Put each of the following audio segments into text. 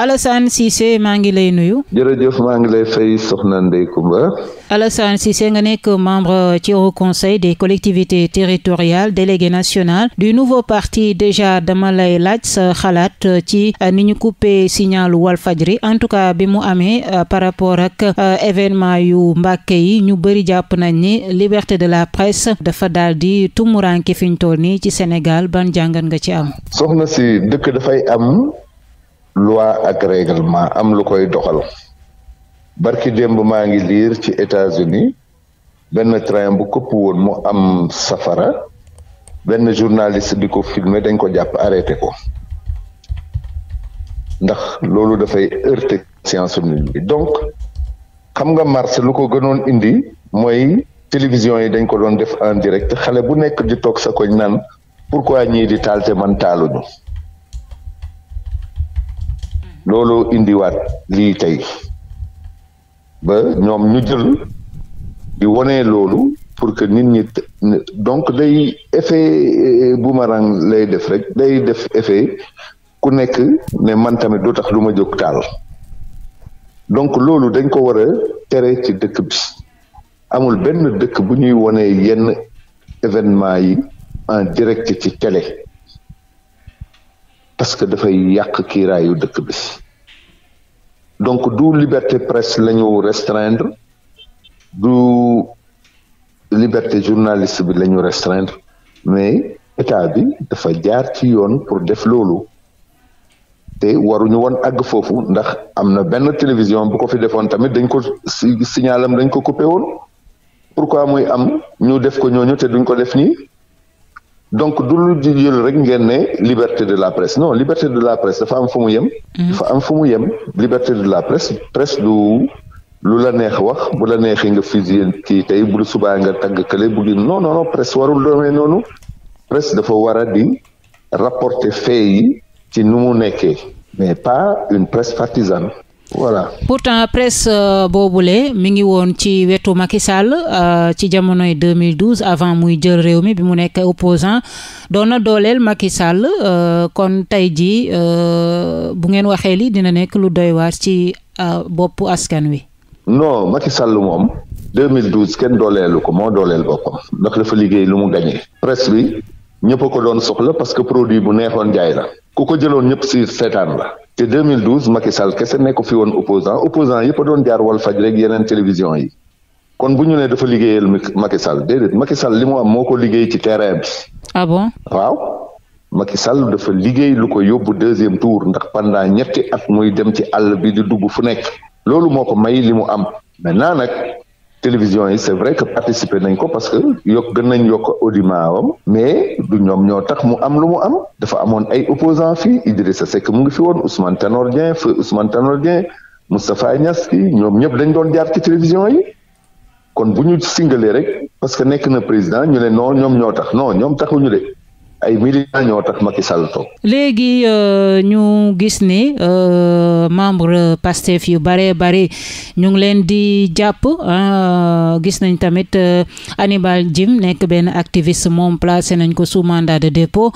Alassane Cissé maa ngi lay nuyu. jërëjëf maa ngi lay fay soxna Ndeye Comba. Alassane nga nekk membre ci au conseil des collectivités territoriales délégué national du nouveau parti déjà dama lay laaj sa xalaat ci euh, ni ñu coupé signalu Walfadjri en tout cas bi mu amee euh, par rapport ak euh, événement yu Mbàkke yi ñu bëri jàpp nañ ni liberté de la presse dafa daal di tumuranke fi ñu toll ci Sénégal ban jàngat nga ci am. soxna si dëkk dafay am. loi ak règlement am lu koy doxal barki démb maa ngi liir ci États-Unis benn train bu këpp woon mu am safara benn journaliste di ko filmer dañ ko jàpp arrêté ko ndax loolu dafay heurter science nit donc xam nga marché lu ko gënoon indi mooy télévision yi dañ ko doon def en direct xale bu nekk di toog sa koñ naan pourquoi ñii di taal te man taaluñu looloo indiwaat lii tey ba ñoom ñu jël di wone loolu pour que nit ñi donc day effet euh, boomerang lay def rek day def effet ku nekk ne man tamit du tax lu ma jóg taal donc loolu dañ ko war a tere ci dëkk bi amul benn dëkk bu ñuy wone yenn événement yi en direct ci télé parce que dafay yàq kiiraayu dëkk bi donc du liberté presse la ñu restreindre du liberté journaliste bi lañu ñu mais état bi dafa jaar ci yoon pour def loolu te waruñu woon àgg foofu ndax am na benn télévision bu ko fi defoon tamit dañ ko signalam dañ ko coupé woon pourquoi muy am ñu def ko ñooñu te duñ ko def nii donc du lu di jël rek ngeen ne liberté de la presse non liberté de la presse dafa am fu mu yem. Mhm. dafa fu mu yem liberté de la presse presse du lu la neex wax bu la neexee nga fusillé kii tey bu suba nga tagg kële bu di non no non presse warul doonee noonu presse dafa war a di rapporter fait ci nu mu nekkee mais pas une presse partisane. voilà pourtant presse euh, boobule mi ngi woon ci wetu Macky Sall euh, ci jamonoy 2012 avant muy jël réew mi bi mu nekk opposant doon na dooleel Macky Sall euh, kon tey jii bu ngeen waxee li dina nekk lu doy waar ci boppu askan wi. non Macky Sall moom 2012 kenn dooleelu ko moo dooleel boppam ndax dafa liggéey lu mu gañee presse bi ñëpp a ko doon soxla parce que produit bu neexoon jaay la ku ko jëloon ñëpp si seetaan la. te 2012 Macky Sall kese nekk fi woon opposant opposant yëpp a doon jaar wal faj rek yeneen télévision yi kon bu ñu ne dafa liggéeyal Macky Sall déedéet Macky Sall li mu am moo ko liggéey ci terrain bi. ah bon waaw. Macky Sall dafa liggéey lu ko yóbbu deuxième tour ndax pendant ñetti at muy dem ci àll bi di dugg fu nekk loolu moo ko may li mu am maintenant nag télévision yi c'est vrai que participer nañ ko parce que yokk gën nañ yok yokk audimat wam mais du ñoom ñoo tax mu am lu mu am dafa amoon ay fi fii Idrissa Seck mu ngi fi woon Ousmane Tanor Dieng feu Ousmane Tanor Dieng Moustapha Niass fii ñoom ñëpp dañ doon jaar ci télévision yi kon bu ñu singalee rek parce que nekk na président ñu ne non ñoom ñoo tax non ñoom taxuñu de ay militants ñoo tax léegi euh, ñu gis ni euh, membre Pastef yu bare bare ñu ngi leen di jàpp ah, gis nañ tamit euh, Hannibal jim nekk benn activiste moom placé nañ ko sous mandat de dépôt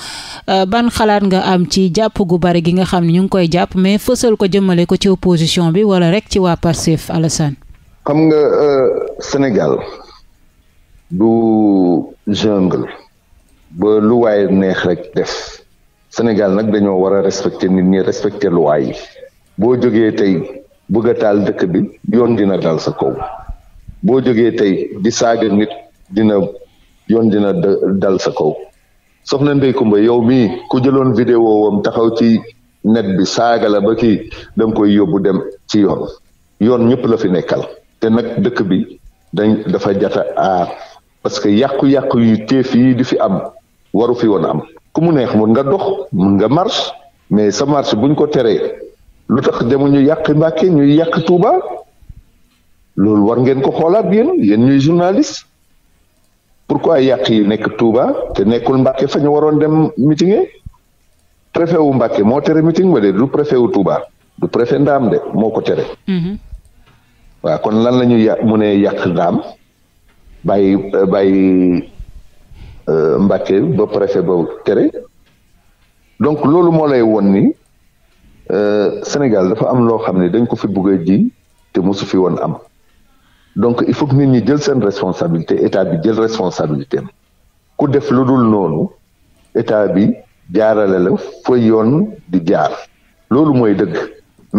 ban xalaat nga am ci jàpp gu bare gi nga xam ne ñu ngi koy jàpp mais fësal ko jëmale ko ci opposition bi wala rek ci waa Pastef Alassane. xam nga Sénégal du jungle. ba lu neex rek def Sénégal nag dañoo war a respecter nit ñi respecter luwaay yi boo jógee tey bëgg taal dëkk bi yoon dina dal sa kow boo jógee tey di saaga nit dina yoon dina dal sa kaw soxna Ndeye Comba yow mii ku jëloon vidéo wam taxaw ci net bi saaga la ba ki da koy yóbbu dem ci yoon yoon ñëpp la fi nekkal te nag dëkk bi dañ dafa jata aar parce que yàqu-yàqu yu teef yi di fi am waru fi woon am ku mu neex mun nga dox mun nga marche mais sa marché buñ ko teree lu tax ñu yàq Mbàkke ñuy yàq Tuuba lool war ngeen ko xoolaat yéen yéen ñuy journaliste pourquoi yàq yi nekk Touba te nekkul Mbàkke fa ñu waroon dem meeting préfet wu Mbàkke moo tere meeting ba de du préfet wu Touba du préfet Ndaam de moo ko tere. Mm-hmm. waaw kon lan la ñuy yàq mu ne yàq Ndaam Euh, Mbacké ba préfet ba Kéré donc loolu moo lay won ni euh, Sénégal dafa am loo xam ne dañ ko fi bëgg ji te mosu fi woon am donc il faut que nit ñi jël seen responsabilité état bi jël responsabilité am ku def lu dul noonu état bi jaarale la fa yoon di jaar loolu mooy dëgg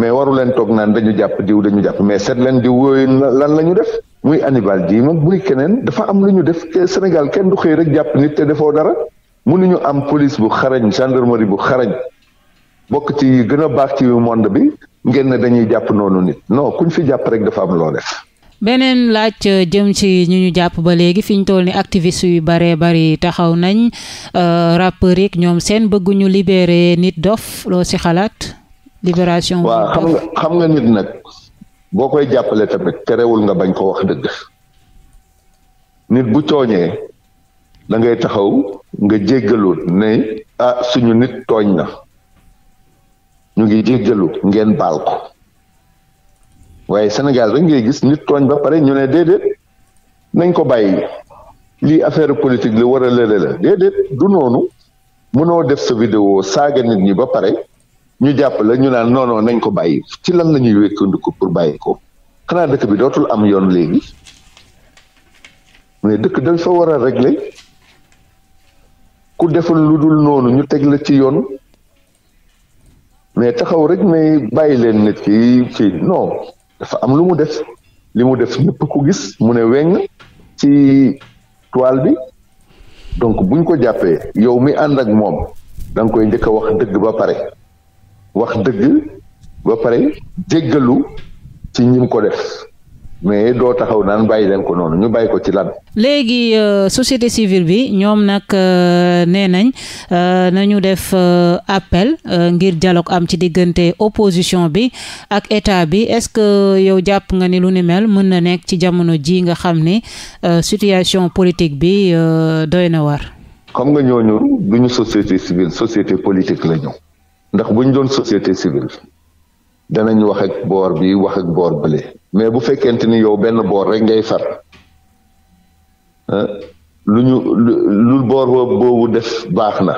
mais waru leen toog naan dañu jàpp diw dañu jàpp mais seet leen diw yooyu lan la ñu def muy Hannibal Djim ak muy keneen dafa am lu ñu def Sénégal kenn du xëy rek jàpp nit te defoo dara mënuñu am police bu xarañ gendarmerie bu xarañ bokk ci gën a baax ci monde bi ngeen ne dañuy jàpp noonu nit non kuñ fi jàpp rek dafa am loo def. beneen laaj euh, jëm ci ñu ñu jàpp ba léegi fi ñu toll ni activiste yu baree bari taxaw nañ euh, rappeur yi ñoom seen bëgguñu libérer nit dof si xalaat. libération. waaw xam nga xam nga nit nag boo koy jàppale tamit terewul nga bañ ko wax dëgg nit bu tooñee da ngay taxaw nga jéggalu ne a ah, suñu nit tooñ na ñu ngi jéggalu ngeen baal ko waaye Sénégal rek ngay gis nit tooñ ba pare ñu ne déedéet nañ ko bàyyi lii affaire politique la war a lële la déedéet du noonu mënoo def sa vidéo saaga nit ñi ba pare. ñu jàpp la ñu naan non nañ ko bàyyi ci lan la ñuy wékkandiku pour bàyyi ko xanaa dëkk bi dootul am yoon léegi mais dëkk dañ fa war a régler ku deful lu dul noonu ñu teg la ci yoon mais taxaw rek mais bàyyi leen nit ki ci non dafa am lu mu def li mu def ñëpp ko gis mu ne weng ci toile bi donc buñ ko jàppee yow mi ànd ak moom da koy njëkk a wax dëgg ba pare wax dëgg ba pare jéggalu ci ñim ko def mais doo taxaw naan bàyyi leen ko noonu ñu bàyyi ko ci lan. léegi euh, société civile bi ñoom nag euh, nee nañ euh, nañu def euh, appel euh, ngir dialogue am ci diggante opposition bi ak état bi est-ce que yow jàpp nga ni lu ni mel mën na nekk ci jamono ji nga xam ni euh, situation politique bi doy na war. xam nga ñooñu duñu société civile société politique la ndax bu ñu doon société civile danañ wax ak boor bi wax ak boor bële mais bu fekkente ni yow benn boor rek ngay far lu ñu lu boor boobu def baax na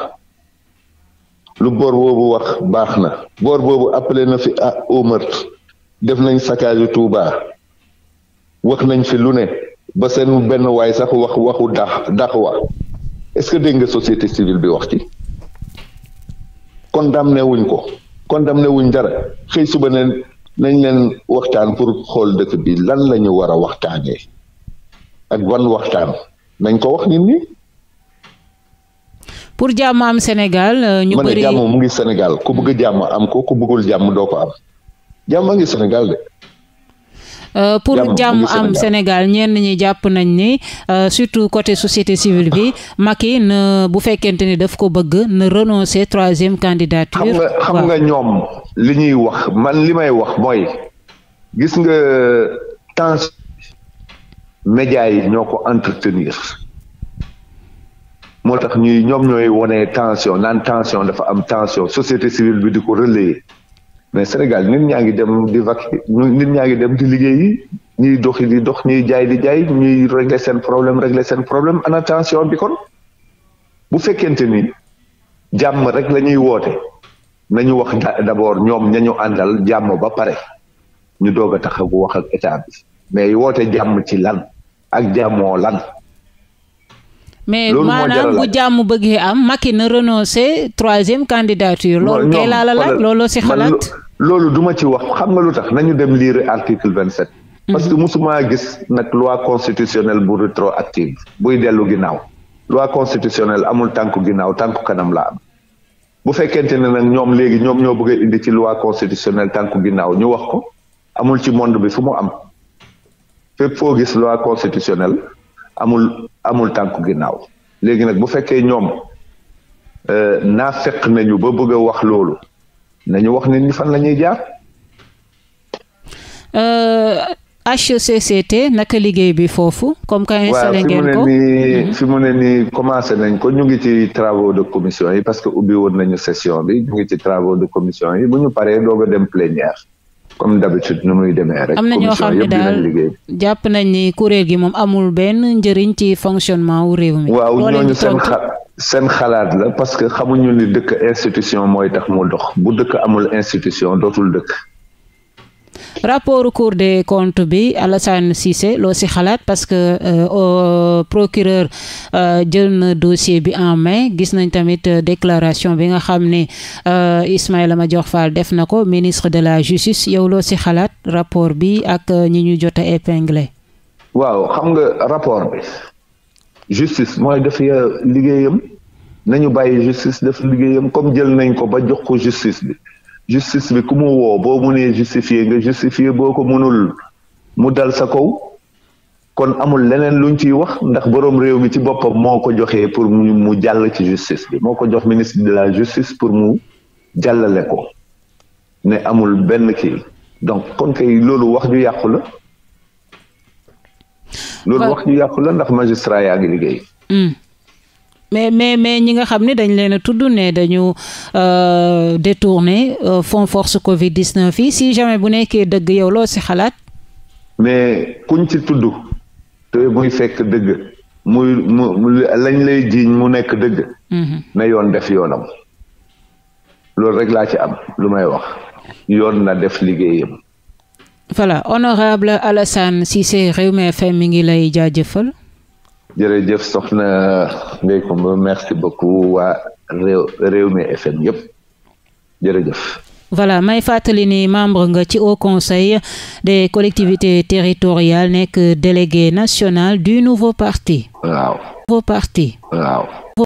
lu boor boobu wax baax na boor boobu appelé na fi à au meurtre def nañ saccage Touba wax nañ fi lu ne ba seen benn waay sax wax waxu dax dax wa est-ce que dégg nga société civile bi wax ci condamné wuñ ko condamné wuñ dara xëy suba ne nañ leen waxtaan pour xool dëkk bi lan lañu ñu war a waxtaanee ak ban waxtaan nañ ko wax nit ñi. pour jàmm am Sénégal. Euh, ñu bëri ma mu ngi Sénégal ku bëgg jàmm am ko ku bëggul jàmm doo ko am jàmm a ngi Sénégal de. Euh, pour jàmm am Sénégal ñenn ñi jàpp nañ ni euh, surtout côté société civile bi Macky na bu fekkente ni daf ko bëgg na renoncer troisième candidature. xam nga xam nga ñoom li ñuy wax man li may wax mooy gis nga temps médias yi ñoo ko entretenir. moo tax ñuy ñoom ñooy wone tension naan tension dafa am tension société civile bi di ko relayer mais Sénégal nit ñaa ngi dem di vac nit ñaa ngi dem di liggéey ñuy doxi di dox ñuy jaay di jaay ñuy régler seen problème régler seen problème ana bi kon bu fekkente ni jàmm rek la ñuy woote nañu wax d'abord ñoom ñañu àndal jàmm ba pare ñu doog a taxaw wax ak état bi mais woote jàmm ci lan ak jàmmoo lan mais maanaam bu jàmm bëggee am Macky na renoncé troisième candidature. loolu kay laa la laaj xalaat. loolu duma ci wax xam nga lu tax nañu dem lire article vingt sept. Mhm. parce que musuma gis nag loi constitutionnelle bu rétroactive buy dellu ginnaaw. loi constitutionnelle amul tànku ginnaaw tànk kanam la am. bu fekkente ne nag ñoom léegi ñoo bëgg indi ci loi constitutionnelle tànku ginnaaw ñu wax ko amul ci monde bi fu mu am fépp foo gis loi constitutionnelle amul amul tànku ginnaaw léegi nag bu fekkee ñoom euh, naa fekk nañu ba bëgg wax loolu nañu wax nit ñi fan la ñuy jaar. HCCT euh, naka liggéey bi foofu. comme que installé ngeen ko waaw fi mu ne nii commencé nañ ko ñu ngi ci travaux de commission yi parce que ubbi woon nañu session bi ñu ngi ci travaux de commission yi bu ñu paree doog a dem plénière. comme d'habitude nu muy demee rek. am na ñoo jàpp nañ ni kuréel gi moom amul benn njëriñ ci fonctionnement wu réew waaw ñooñu seen xa seen xalaat la parce que xamuñu ni dëkk institution mooy tax mu dox bu dëkk amul institution dootul dëkk. rapport cour des comptes bi Alassane Cissé loo si xalaat parce que euh, procureur euh, jël na dossier bi en main gis nañ tamit euh, déclaration bi nga xam ne Ismaïla jox Fall def na ko ministre de la justice yow loo si xalaat rapport bi ak ñi ñu jot a waaw xam nga rapport bi justice mooy def liggéeyam nañu bàyyi justice def liggéeyam comme jël nañ ko ba jox ko justice bi. justice bi ku mu woo boo mënee justifier nga justifier boo ko mënul mu dal sa kaw kon amul leneen luñ ciy wax ndax boroom réew mi ci boppam moo ko joxee pour mu jàll ci justice bi moo ko jox ministre de la justice pour mu jàllale ko ne amul benn kii donc kon kay loolu wax ju yàqu la loolu wax ju yàqu la ndax magistrat yaa ngi liggéey hmm. mais mais mais ñi nga xam ne dañ leen a tudd ne dañu euh, détourner euh, fond force Covid 19 yi si jamais bu nekkee dëgg yow loo si xalaat. mais kuñ ci tudd te muy fekk dëgg mu lañ lay jiiñ mu nekk dëgg. Mhm. na yoon def yoonam loolu rek laa ci am lu may wax yoon na def liggéeyam. voilà honorable Alassane Cissé Rewmi FM mi ngi lay jaajëfal. jërëjëf soxna Ndeye Comba merci beaucoup waa réew Rewmi FM yëpp jërëjëf. voilà may fàttali ni membre nga ci Haut Conseil des collectivités territoriales nekk délégué national du nouveau parti. waaw.